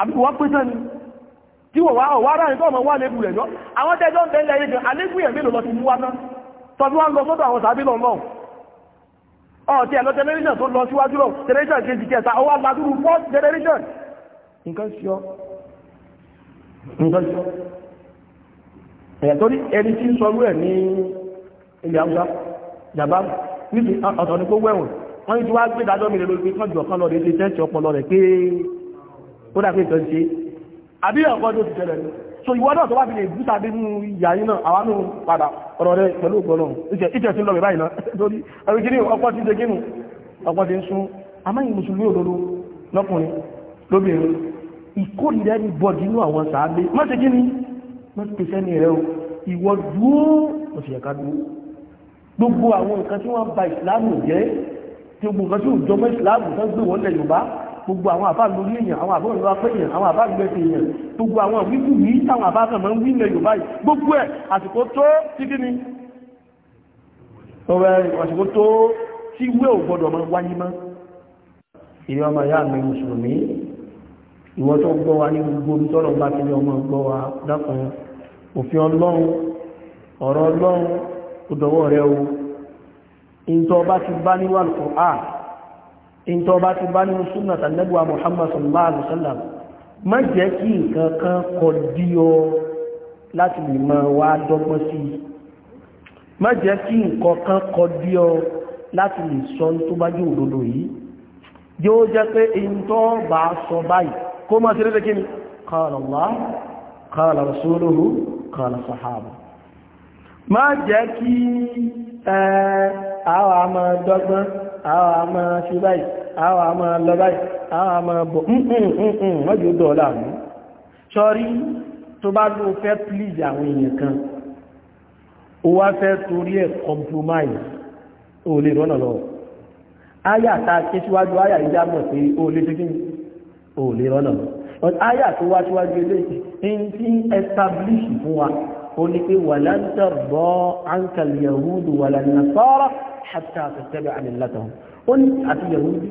àbí wọ́n pín sẹ́ni tí wọ́n wá ọ̀wá ara ìtọ́ ọmọ wà lébù rẹ̀ lọ àwọn tẹ́jọ́ ń tẹ́lẹ̀ ayé gan alégún yẹn mélòó lọ ti mú wa náà tọ́jú wá ń lọ sọ́dọ̀ àwọn sàbí lọ lọ ọ̀tí ẹ̀lọ tẹlẹríṣàn tó lọ síwájú lọ tẹlẹríṣàn kejì kẹta ó wá gbadúrú fọ́ọ̀tì tẹlẹríṣàn nǹkan ṣíọ́ nǹkan ṣíọ́ ẹ̀yà tó ní ẹni tí ń sọ rú ẹ̀ ní ilẹ̀ haúsá jàbá níbi ọ̀tọ̀ ní kó wẹ̀wọ̀n wọ́n ti wá gbé dájọ́ mi lè lórí pé kọ́jọ̀ kan lọ rẹ̀ ṣe tẹ́ẹ̀tì ọpọlọ rẹ̀ pé ó dà pé ìtọ́ ṣe àbí ọ̀pọ̀ tó ti tẹ̀lẹ̀ so ìwọ náà tó wá fi lè bú tàbí mú ìyá yín náà àwa náà padà ọ̀rọ̀ rẹ pẹ̀lú ògbọ́nà ìtẹ̀ tí ń lọ bẹ̀ báyìí náà lórí ẹ̀rí kí ni ọ̀pọ̀ ti ṣe kínú ọ̀pọ̀ ti ń sún amáyìn mùsùlùmí òdodo lọ́kùnrin lóbìnrin ìkórìíra ní bọ́ọ̀dì inú àwọn sàábé má ṣe kí ni má ṣe pèsè ní rẹ o ìwọ dúó mo sì yẹ ká dúó gbogbo àwọn nǹkan tí wọ́n ba ìsìláàmù jẹ́ gbogbo nǹkan tí ò jọmọ́ ìsìláàmù tó gbé wọ́n lẹ̀ Yorùbá gbogbo àwọn àbá lórí èèyàn àwọn àbá òǹlọ apẹ́ èèyàn àwọn àbá gbẹ̀sẹ̀ èèyàn gbogbo àwọn wíwú yìí táwọn àbá kan máa ń wí ilẹ̀ yorùbá yìí gbogbo ẹ̀ àsìkò tó tí kí ni ọ̀rẹ́ àsìkò tó tí wé ò gbọdọ̀ máa wáyé mọ́ ìrẹ́ ọmọ ìyá mi mùsùlùmí ìwọ tó gbọ́ wa ní gbogbo omi tọ́lọ̀ bá ti ní ọmọ gbọ́ wa dákun òfin ọlọ́run ọ̀rọ̀ ọlọ́run o ìtọ́ ìntọ́ bá ti bá nínú súnà tàlẹ́gbà Muhammad sallallahu alaihi wasallam má jẹ́ kí nǹkan kan kọ dí ọ láti lè máa wá dọ́gbọ́n sí i má jẹ́ kí nǹkan kan kọ dí ọ láti lè sọ tó bá jẹ́ òdodo yìí yóò jẹ́ pé ìntọ́ bá sọ báyìí kó má ti rẹ́rẹ́ kí ni qala Allah qala rasuluhu qala sahaba má jẹ́ kí àwọn àmọ́ dọ́gbọ́n àwọn àmọ́ sí báyìí àwọn àmọ́ lọ báyìí àwọn àmọ́ bọ̀ mọ́jú mm, mm, mm, dọ̀ọ́lá mú sọ́rí tó bá ló fẹ́ please àwọn èèyàn kan ó wá fẹ́ torí ẹ̀ compromise ó lè rọ́nà lọ áyà ta ké síwájú áyà ìjà mọ̀ pé ó lè tó kíni ó lè rọ́nà lọ áyà tó wá síwájú eléyìí tí establish fún wa ó ní pé walan tarda anka àti yahudi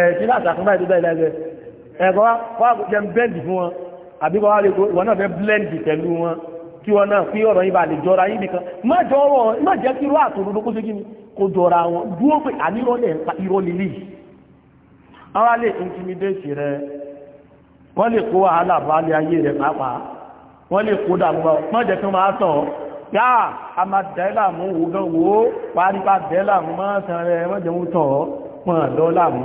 ẹ̀ẹ̀sí láti àkúnbá ìdúgbà ìlẹ́gbẹ̀ ẹ̀kọ́ wá jẹ́ blend fún wọn àbí kọ́ wá lè kó ìwọ náà fẹ́ blend pẹ̀lú wọn kí wọn náà kí ọ̀rọ̀ yìí bá lè jọra yìí nìkan má jọrọ̀ má jẹ́ kí irú àtòdodo kó sí kí ni kó jọra wọn dúró pé àníró lè pa irọ́ lílì ara lè intimidate rẹ wọ́n lè kó wàhálà balẹ̀ ayé rẹ pàápàá wọ́n lè kó dàgbà má jẹ́ kí wọ́n máa tàn yáà a máa dẹ́ làmú wò gan wò ó parí pa dẹ́ làmú má san rẹ tàn pọ̀n lọ́ làmú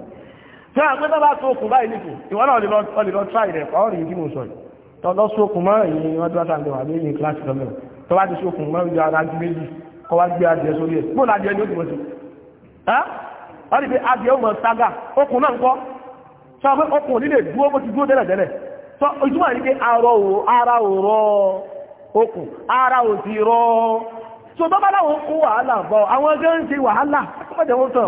tí a pé bá bá tó okùn báyìí nìkù ìwọ́n náà lè lọ tíra ìrẹ̀ ọ̀rọ̀ yìí kí mo sọ yìí tọ́lọ́ sókùn mọ́ èyí wọ́n tó bá tàbí wà lóyìn kíláàsì lọ́mọ tó bá ti sókùn mọ́ ìjọ ara ju méjì kọ́ wá gbé adìẹ sórí ẹ̀ bó lajẹ ní òkùnmọ́ sí ẹ́ wọ́n ti fi adìẹ ọmọ saga okùn náà ń kọ́ sọ pé okùn nílé dúró bó ti dúró tẹ́lẹ̀ tẹ́lẹ̀ sọ ìtumọ̀ ní pé ara ò rọ okùn ara ò sì rọ so bábá láwọn kó wàhálà bọ àwọn ẹgbẹ́ ń ṣe wàhálà ó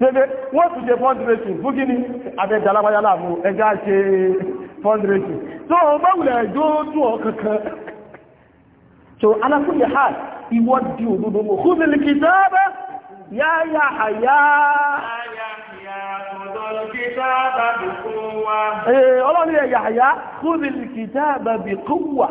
ebe wọ́n tún ṣe fundraising fún gíní àbẹ́dàlágbáyá láàmú ẹgbẹ́ bụ fundraising tó bá ẹjọ́ tún ọ kankan so alákùnlé hàn ìwọ́ di mọ̀ kú mi lìkì sáábẹ́ yá yá àyá ọlọ́ni ẹ̀yà àyá kúwà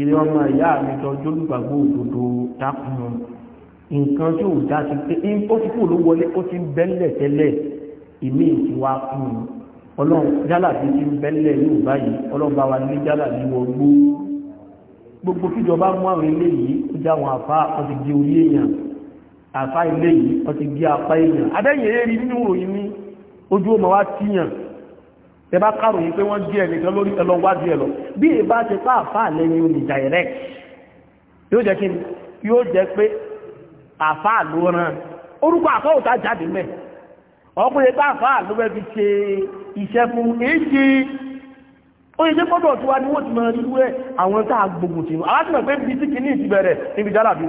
ilé ọmọ ìyá mi tọjú olùgbàgbọ́ òdodo dákun nǹkan tí ò dá sí pé ó ti kú ló wọlé ó ti ń bẹ́lẹ̀ tẹ́lẹ̀ ìmí ti wá kún un ọlọ́run jálà bí ti ń bẹ́lẹ̀ yóò báyìí ọlọ́run bá wa ní jálà bí wọ́n gbó gbogbo kíjọba mú àwọn ilé yìí ó já àwọn àfa wọ́n di orí èèyàn àfa ilé yìí wọ́n di apá èèyàn adẹ́yìn eré nínú òyìn ní ojú ọmọ wa tíyàn tẹ́bá káròyìn pé wọ́n jí ẹnìkan lórí ẹlọ wá díẹ̀ lọ bí ìbá ti pa àfáà lẹ́yìn omi direct yóò jẹ́ kí yóò jẹ́ pé àfáà ló rán orúkọ àfáòta jáde mẹ́ ọkùnrin bá àfáà ló fẹ́ fi ṣe iṣẹ́ fún èjì ó yẹ fọ́dọ̀ tí wá ní wọ́n ti máa rírú ẹ̀ àwọn tá a gbógun tì àwọn àtìmọ̀ pé bí síkì ní ìtì bẹ̀rẹ̀ níbi jálà bí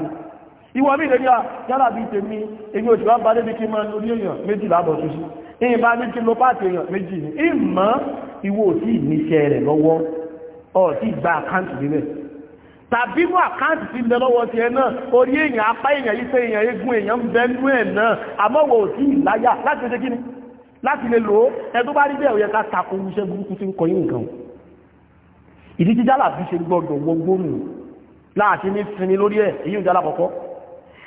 ìwọ mi lè ní jálà bí tèmi èmi òṣìwà bá débi kí máa lórí èèyàn méjìlá bọ̀ tuntun ìyìn bá ní kí ló pàtì èèyàn méjì ní ìmọ̀ ìwò tí ìníṣẹ́ rẹ̀ lọ́wọ́ ọ̀tí ìgbà àkáǹtì nílẹ̀ tàbí mú àkáǹtì ti lẹ lọ́wọ́ ti ẹ náà orí èèyàn apá èèyàn yíṣẹ́ èèyàn egun èèyàn ń bẹnú ẹ̀ náà àmọ́wọ̀ òtí ìláyà láti ṣe kíni láti lè lò ó ẹ̀tọ́ bá rí bẹ́ẹ̀ ó yẹ ká tako iṣẹ́ burúkú tí ń kọ yín nǹkan ìdí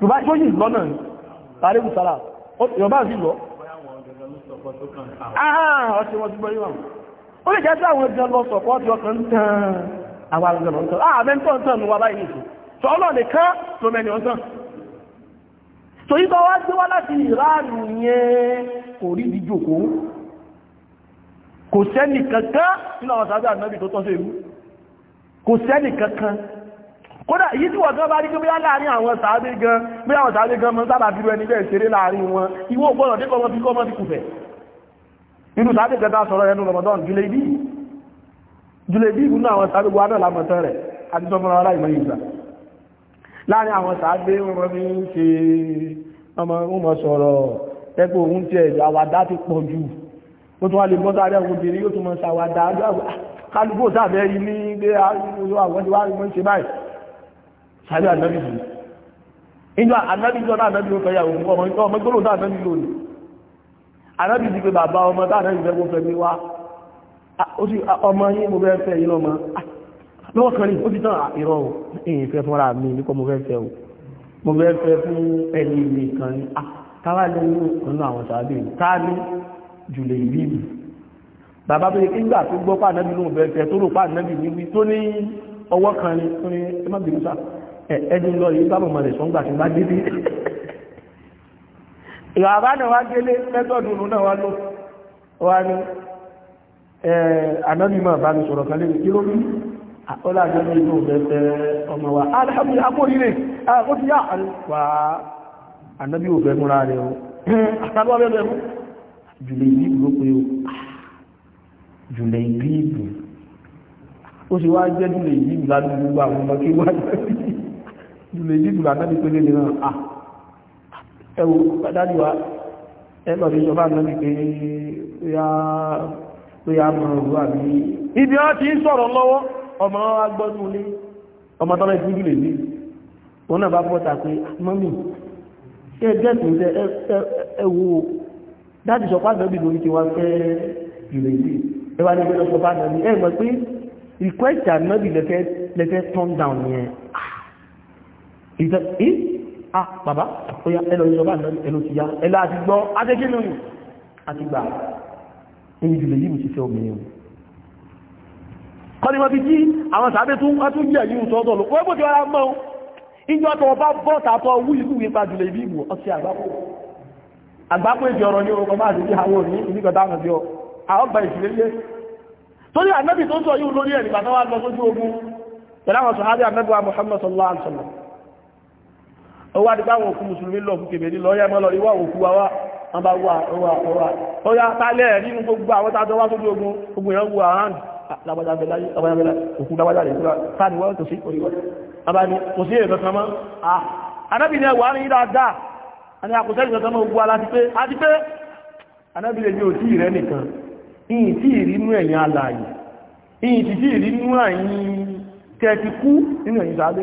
yorùbá tó yìí lọ́nà ní tàríkù sára yorùbá sí lọ ó lè jẹ́ sí àwọn ẹgbẹ́ lọ sọ̀pọ̀ tí ọkàn tán àwọn àgbẹ̀ lọ́ntàn ààbẹ́ tó ń tàn ní wà báyìí nìkan tó ọlọ́ọ̀lẹ̀ kán tó mẹ́ni ọ̀tàn tó yí tọ́wọ́ sí wá láti ìránù yẹn kò rí ìdíjòkó kò sẹ́nì kankan nínú àwọn sàájú ànábì tó tọ́ sí ìlú kò sẹ́nì kankan kódà èyí tí wọ́n tó bá rí pé bóyá láàrin àwọn sàábé gan bóyá àwọn sàábé gan mọ́ sábà bírú ẹni bẹ́ẹ̀ ṣeré láàrin wọn ìwọ ògbọ́nà tí kọmọ́ fi kọmọ́ fi kùfẹ̀ inú sàábé kẹta sọ̀rọ̀ ẹnu Ramadan Julebi Julebi ìbúnú àwọn sàábé wa náà lámọ̀tán rẹ̀ àti sọmọra ara ìmọ̀ ìgbà láàrin àwọn sàábé wọn fi ń ṣe ọmọ ọmọ sọ̀rọ̀ ẹgbẹ́ òun tiẹ̀ àwàdá ti pọ̀ jù ó tún wá lè bọ́ sáré àwọn obìnrin yóò tún mọ sàwàdá ah, yìí ní gbé ah, àwọn ìwádìí wọn ṣe báyìí sáré ànábì yìí inú ànábì jọ náà ànábì ó fẹ́ yàwó fún ọmọ ọmọ gbọ́dọ̀ náà ànábì lò ní ànábì ti pé bàbá ọmọ tá ànábì fẹ́ kó fẹ́ mi wá ọmọ yìí mo fẹ́ fẹ́ yìí lọ́mọ lọ́wọ́ kan rí ó ti tán ìrọ̀ ò èyí fẹ́ fúnra mi nípa mo fẹ́ fẹ́ ò mo fẹ́ fẹ́ fún ẹni ìlú kan ní káwá lẹ́yìn kan náà àwọn sàábì ká ní jùlẹ̀ ìbíbì bàbá tó yẹ kí nígbà tó gbọ́ pàdánù lóun fẹ́ fẹ́ tó rò pàdánù níbi tó ní ọwọ́ kan ní ẹ ẹ̀ẹ́dùn lọ yìí sábà mọ̀lẹ̀ sọ́ngbà tí bá dé dé ìwà àbá náà wá délé mẹ́tọ̀dù náà wá lọ wá ní anọ́nìmọ̀ bá mi sọ̀rọ̀ kan lé kí ló rí ọlájọ́ ní ìlú òfẹ́fẹ́ ọmọ wa ah, alhamdulillah akórílẹ̀ akóríyà ah, wà anábí òfẹ́ múra rẹ̀ o àtàbọ̀ bẹ́ẹ̀ mú o jùlẹ̀ ìbíbù ó sì wá jẹ́ jùlẹ̀ ìbíbù ládùúgbò àwọn ọmọ kí wá jẹ́ jùlọ ìdí jùlọ àtàbí pé lè náà à ah, ẹwọ dájú wa ẹlọ ní ìjọba náà pé ó yá mọ̀ ọ̀rọ̀ àbí ibi wọ́n ti ń sọ̀rọ̀ lọ́wọ́ ọmọ agbọ́nú lé ọmọ tọ́lá ìfún jùlọ ìdí wọn náà bá bọ́ta pé ah, mọ́mí ṣe gẹ́ẹ̀tùn jẹ ẹwọ dájú sọ pàtàkì bí lórí ti wá fẹ́ jùlọ ìdí ẹwà ní request ànábì lẹ́fẹ́ turn ìtẹ́ ì à bàbá òyà ẹlọ ìjọba ẹlọ ti ya ẹlọ àti gbọ́ adékínú àti gbà ẹni jùlọ yìí ti fẹ́ obìnrin kọ́ni wọ́n fi jí àwọn sàábé tún wá tún yẹ̀ yìí tọ́tọ̀ lọ wọ́n bójú ara mọ́ ìjọ tó bá bọ́ tàtọ̀ wú ìlú yìí pa jùlọ ibi ìwò ọtí àgbápò àgbápò èdè ọ̀rọ̀ ní orúkọ máa ti bí àwọn òní ìníkọ̀dá àwọn bí ọ àwọn gba ìṣẹ̀lẹ̀ yẹ torí ànábì tó sọ yìí lórí ẹ̀ nígbà tó wá lọ sójú ogun pẹ̀lú àwọn sọ̀hábí ànábì wa Muhammad sallallahu alaihi wasallam ó wá di báwọn òkú mùsùlùmí lọ fún kèbèrè lọ́yẹ́ mọ́ lọ́rí wọ́n òkú wáwá wọ́n bá wà ọwà ọwà ọyá tálẹ̀ nínú gbogbo àwọn tàbí wá sójú ogun gbogbo èèyàn wù àrán ah, òkú lábájá rẹ̀ kúrò káàdì wọ́n ah sí orí wọ́n abáni kò sí èèyàn kan mọ́ anábì ah, ní ẹwà rìn dáadáa àni àkùsẹ́ ìjọ tọmọ ogun aláti pé àti pé anábì lè ní òtí rẹ nìkan ìyìn tí ìrínú ẹ̀yìn alààyè ìyìn tí ìrínú ẹ̀yìn tẹ́ẹ̀tì kú nínú ẹ̀yìn sáadé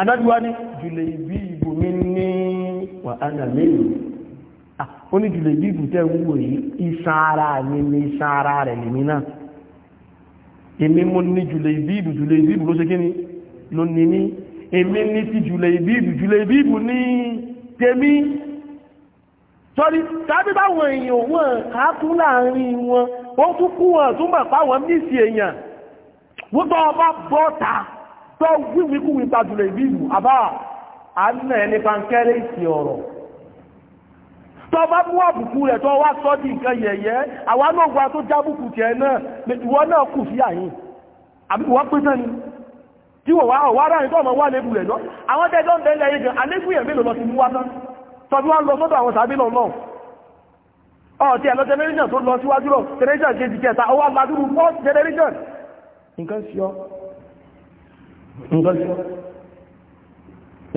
adájúwá ní jùlẹ̀ ìbí ìbò mi ní wàhánà mẹ́rin ah, ó ní jùlẹ̀ ìbí ìbò tẹ́ wúwo yìí iṣan ara mi ní iṣan ara rẹ̀ lèmi náà èmi mú ní jùlẹ̀ ìbí ìbò jùlẹ̀ ìbí ìbò ló ṣe kíni ló ní ní èmi ní ti jùlẹ̀ ìbí ìbò jùlẹ̀ ìbí ìbò ní tèmi sọ́rí tàbí báwọn èèyàn wọn káàkún láàrin wọn ó tún kú wọn tún mọ̀ mísì èèyàn wọ́n tọ́ ọba bọ́ta tó wíwíkúwí tajùlẹ̀ ìbílù àbá àánà ẹni pankẹ́rẹ́ ìsì ọ̀rọ̀ tó bá mú àbùkù rẹ̀ tó wá sọ́ di nǹkan yẹ̀yẹ́ àwa náà gba tó jábùkù tiẹ̀ náà ìwọ náà kù sí àyìn àbí wọ́n pé tán ni tí wọ́n wá ọ̀wá ráyìn tó ọmọ wà lébù rẹ̀ lọ àwọn tẹ́jọ́ ń bẹ̀lẹ̀ yìí gan alébùyẹ̀ mélòó lọ sí mú wá tán tọ́bí wá ń lọ sọ́dọ̀ àwọn sàbí lọ́nà ọ̀tí ẹ̀lọ generation tó lọ síwájú lọ generation kejì kẹta ó wá lajúrú first generation nǹkan sí ọ nítorí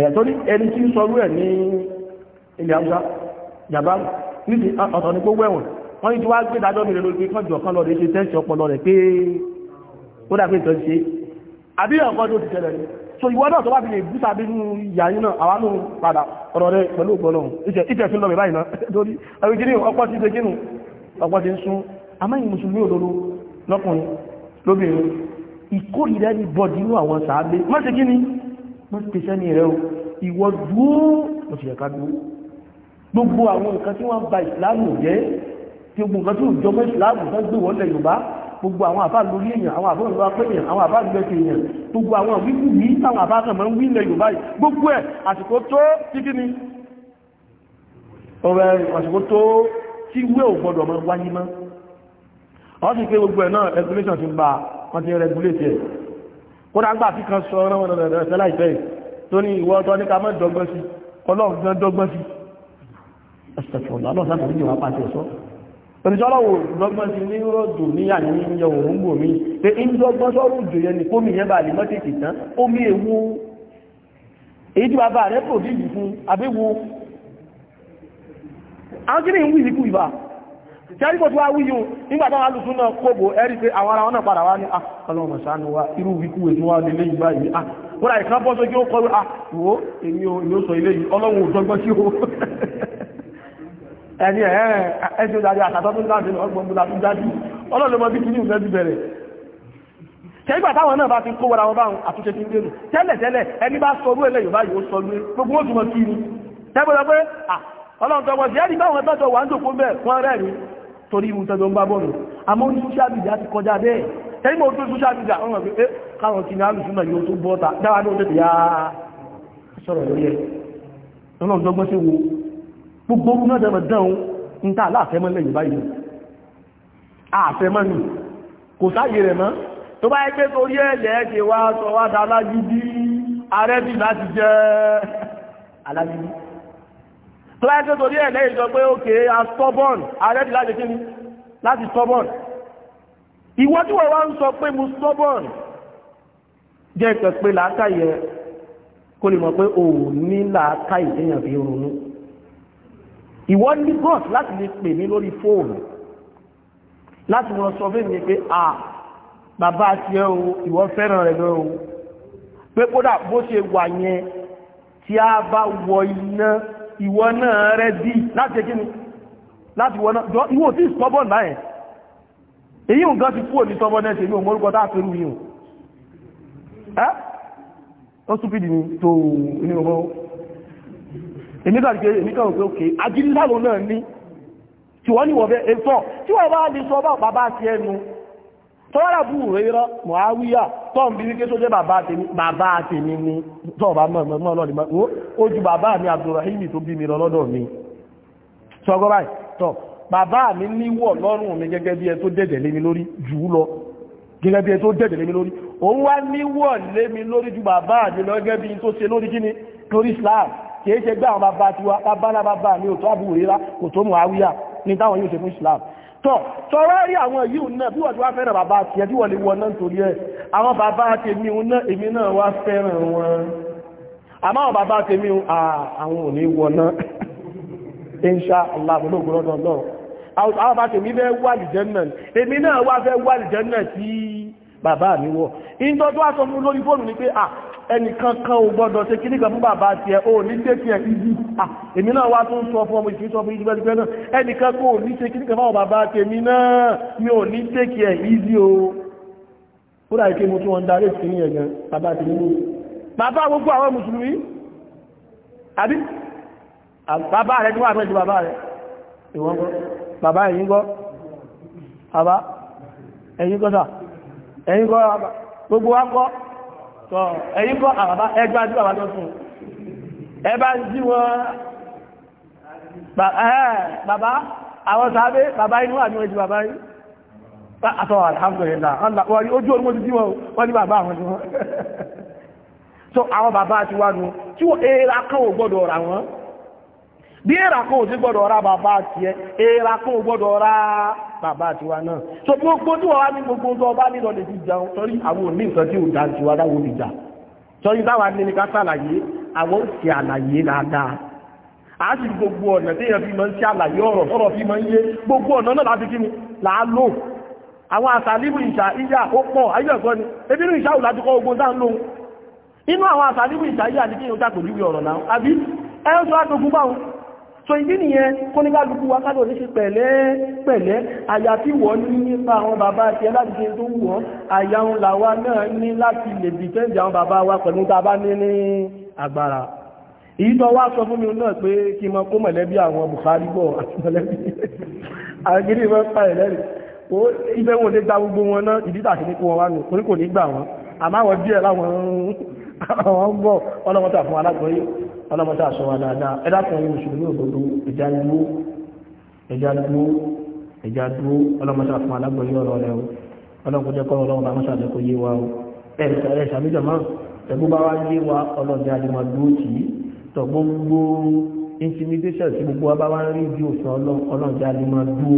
ẹ̀tọ́rí ẹni tí ń sọrú ẹ̀ ní ilẹ̀ àwúsá jàbá níti ọ̀tọ̀ ní gbogbo ẹ̀wọ̀n wọ́n ní tí wá gbé dájọ́ mìíràn lórí kọjọ kan lọ́rẹ̀ ṣe tẹ́sì ọpọlọ rẹ̀ pé ó dà pé ìtọ́ ṣe àbí ọ̀kan tó ti tẹ́lẹ̀ ní so ìwọ náà tó bá fi lè bú sábí nú ìyá yín náà àwa náà padà ọ̀rọ̀ rẹ̀ pẹ̀lú ògbọ́nà ìtẹ̀ fi lọ bẹ̀ báyìí náà lórí àwọn ìdílé ọ̀pọ̀ ti ṣe kínú ọ̀pọ̀ ti ń sún àmọ́ ìmùsùlùmí òdodo lọ́kùnrin lóbìnrin ìkórìíra ní bọ́ọ̀dì inú àwọn sàábé má ṣe kí ni má ṣe pèsè ní rẹ̀ o ìwọ dúó mo ṣe ẹ̀ka dúó gbogbo àwọn nǹkan tí wọ́n ba ìsìláàmù jẹ́ tí gbogbo nǹkan tí ò jọmọ́ ìsìláàmù tó gbé wọlé Yorùbá gbogbo àwọn àbá lórí èèyàn àwọn àbá lórí apẹ́ èèyàn àwọn àbá lórí ẹsẹ̀ èèyàn gbogbo àwọn wíwú mi táwọn àbá kan máa ń wí ilẹ̀ Yorùbá yìí gbogbo ẹ̀ àsìkò tó tí kí ni ọ̀rẹ́ àsìkò tó tí wé ò gbọdọ̀ máa wáyé mọ́ ọ́n sì pé gbogbo ẹ̀ náà regulation ti ń ba wọ́n ti regulate ẹ̀ kódà ń gbà fi kan sọ ọ̀rọ̀ ọ̀rọ̀ ṣẹlá ìfẹ́ tó ní ìwọ ọ̀tọ̀ ní ká mọ́ dọ́gbọ́n sí ọlọ́run gan dọ́gbọ́n sí ẹ̀sẹ̀fọ̀lọ́ ọlọ́run sáfẹ́ níjọ wọn pàṣẹ sọ oníṣọ́lọ́wò dọ́gbọ́n sí ní rọ́dù ní àní yẹ òun gbò mí pé ń dọ́gbọ́n sọ́rọ̀ òjò yẹn ni kómi yẹn bá lè mọ́ tètè tán omi èwo èyí tí bàbá rẹ̀ pòdì yìí fún abéwo àwọn kí ni ń wí ìdíkù ìbá jẹ́rí kò tí wá wíyùn nígbà táwọn alùsùn náà kóbò ẹ̀rí pé àwọn ara wọn náà padà wá ní ah, ọlọ́run ṣàánú wa irú wíkúwé tí wọ́n lè yìí báyìí à wọ́n ra ìkan bọ́ sójú ó kọlu àwọ̀ ah, èmi ò ní ó sọ ilé yìí ọlọ́run ò dọ́gbọ́n sí o ẹni ẹ̀ ẹ̀ṣẹ́ ìdájọ́ àtàtọ́ tó ń dájú ọgbọ̀n múlá tó dájú ọlọ́run mọ́ bí kí ní ìfẹ́ ti bẹ̀rẹ̀ tẹ́gbà táwọn náà bá ti kó wọra wọn báwọn àtúnṣe ti ń dèrò tẹ́lẹ̀ tẹ́lẹ̀ ẹni bá sọ orú ẹlẹ́yìn báyìí ó sọ orú gbogbo ó túnmọ̀ kí ni ọlọ́run tọwọ́ sí ẹ́rì báwọn ẹgbẹ́jọ wà ń jòkó bẹ̀ wọ́n rẹ̀rí torí ìwù tẹ́jọ ń bá bọ́ọ̀lù àmọ́ ní social media ti kọjá bẹ́ẹ̀ tẹ́lí mọ́ tó social media wọ́n rẹ̀ pé eh, káwọn ti ní alùsùn náà yóò tó bọ́ta dáwà ní òtẹ́tẹ̀ yá sọ̀rọ̀ lórí ẹ̀ ọlọ́run tọgbọ́ sí wo gbogbo orú náà dẹ̀mọ̀ dán ń ta aláàfẹ́mọ́ lẹ́yìn báyìí àfẹ́mọ́ nù kò sáyé rẹ̀ mọ́ tó bá ẹgbẹ́ torí ẹ̀lẹ́ ṣe wá sọ wá da alágídí arẹ́bì láti jẹ́ alágídí kíláyẹ́sì torí ẹ̀ lẹ́yìn sọ pé òkè a stubborn ààrẹ ti láti kí ni láti stubborn ìwọ tí wọ́n wá ń sọ pé mo stubborn jẹ́ ìpẹ́ pé làákàyè kó lè mọ̀ pé o ò ní làákàyè téèyàn fi ronú ìwọ ní god láti lè pè mí lórí fóònù láti wọn sọ fún mi pé a bàbá tiẹ̀ o ìwọ fẹ́ràn rẹ̀ gan o pé kódà bó ṣe wà yẹn tí a bá wọ iná ìwọ náà rẹ̀ dí láti ẹkí ni láti wọ́n náà ìwọ tí stubborn láyẹ̀ èyí nǹkan ti kúrò ní stubbornness èyí òmórúkọ tá àpẹrú yìí ẹ́ ó stupid ni tó ní ọmọ èmi kàn pé èmi kàn pé òkè agídí láwọn náà ní tí wọ́n ní wọ́n fẹ́ ètò tí wọ́n bá lè sọ bá bàbá tọ́wọ́rà bú rẹ́rọ́ mọ̀háwíyà tọ́m bí wíké tó jẹ́ bàbá àtẹ̀mí ní tọ́ọ̀bá mọ̀ lọ́dìmá ó ju bàbá mi Abdurrahimi tó bí mi lọ lọ́dọ̀ mi sọ́gọ́bá tọ́ bàbá mi níwọ̀ lọ́rùn mi gẹ́gẹ́ bí ẹ tó dẹ̀dẹ̀ lé mi lórí jù lọ gẹ́gẹ́ bí ẹ tó dẹ̀dẹ̀ lé mi lórí òun wá níwọ̀ lé mi lórí ju bàbá mi lọ gẹ́gẹ́ bí tó ṣe lórí kíni lórí Islam kìí ṣe gbá àwọn bàbá tiwa bàbá náà bàbá mi ò tó àbúrò rírá kò tó mọ̀ àwíyà ní táwọn yóò ṣe fún Islam tọ̀ tọ́rọ rí àwọn yíò náà bí wọ́n ti wá fẹ́ràn bàbá àti ẹbí wọ́n lè wọ́n náà torí ẹ̀ àwọn bàbá àti èmi náà èmi náà wá fẹ́ràn wọn àmọ́ àwọn bàbá àti èmi àwọn ò ní wọ́n náà insha Allah gbọ́dọ̀ náà àwọn bàbá tèmi fẹ́ wà lìjẹ́nà èmi náà wá fẹ́ wà lìjẹ́nà tí bàbá mi wọ̀. ìjọ tó wá sọ fún lórí fóònù ni pé à ẹnìkan kan ò gbọ́dọ̀ ṣe kí nígbà fún bàbá ti ẹ̀ o ní tẹ́tí ẹ̀ ìdí èmi náà wá tún sọ fún ọmọ ìṣẹ́ sọ fún ìdígbẹ́dígbẹ́ náà ẹnìkan kó ní ṣe kí nígbà fún bàbá ti èmi náà mi ò ní tẹ́tí ẹ̀ ìdí o ó dà ike mo tún wọn darí sí ní ẹ̀gàn bàbá ti nínú bàbá gbogbo àwọn mùsùlùmí àbí bàbá rẹ̀ tí wà mẹ́jọ bàbá rẹ̀ gbogbo wa tọ́ ẹ̀yìn kọ́ àbábá ẹgbẹ́ àdúrà wà lọ fún ẹ bá jí wọn bàbá àwọn bàbá inú àmì wọn ti bàbá yìí àtọ́ alhamdulillah ojú wọn wọ́n bàbá àwọn wọn so àwọn bàbá ti wá nu tí wọ́n èèrà kan ò wọn bí èèrà kan ò bàbá èèrà kan bàbá tiwa náà so gbogbo tí wọ́n wá ní gbogbo tó ọba nílò lè fi jẹun torí àwọn òní nǹkan tí ò dá tiwa dáwọn olùjà torí táwa ní ní ká sàlàyé àwọn ò sì àlàyé dáadáa a sì gbogbo ọ̀nà tí èèyàn fi máa ń ṣe àlàyé ọ̀rọ̀ sọ̀rọ̀ fi máa ń yé gbogbo ọ̀nà náà láti kí ni làá lò àwọn àsàlíbù ìṣà ìyà ó pọ̀ ayẹ́ẹ̀kọ́ ni ebí ní ìṣà òlájúkọ́ ogun dá ń lóhun inú àwọn àsàlíbù ìṣà ìyà ní kí o dákò níwé ọ̀rọ̀ náà àbí ẹ́ ń sọ àtògún báhùn so ìdí nìyẹn kó ní kálukú wa kálò níṣe pẹ̀lẹ́ pẹ̀lẹ́ àyà tí wọ́n ní nípa àwọn bàbá àti ẹlájìṣe tó wù wọ́n àyà ń là wa náà ní láti lè bí tẹ́ǹdì àwọn bàbá wa pẹ̀lú tá a bá ní ní agbára èyí tó wá sọ fún mi náà pé kí mọ kó mọ̀lẹ́bí àwọn Buhari bọ̀ àti mọ̀lẹ́bí ọlọ́mọdé àṣọ wa dáadáa ẹ̀dá kan ní mùsùlùmí òdodo ẹ̀já dúró ẹ̀já dúró ẹ̀já dúró ọlọ́mọdé àfún alágbèyí ọ̀rọ̀ rẹ o ọlọ́mọdé kọ́ ọlọ́mọdé àmọ́ṣà lè kó yé wa o ẹ̀ ṣàmìjọ máa ẹ̀gbọ́n bá wá yé wa ọlọ́dẹ àdìmọ̀ dúró tì í tọ̀ gbogbo intimidation tí gbogbo wa bá wá ń rí ju òfin ọlọ́dẹ àdìmọ̀ dúró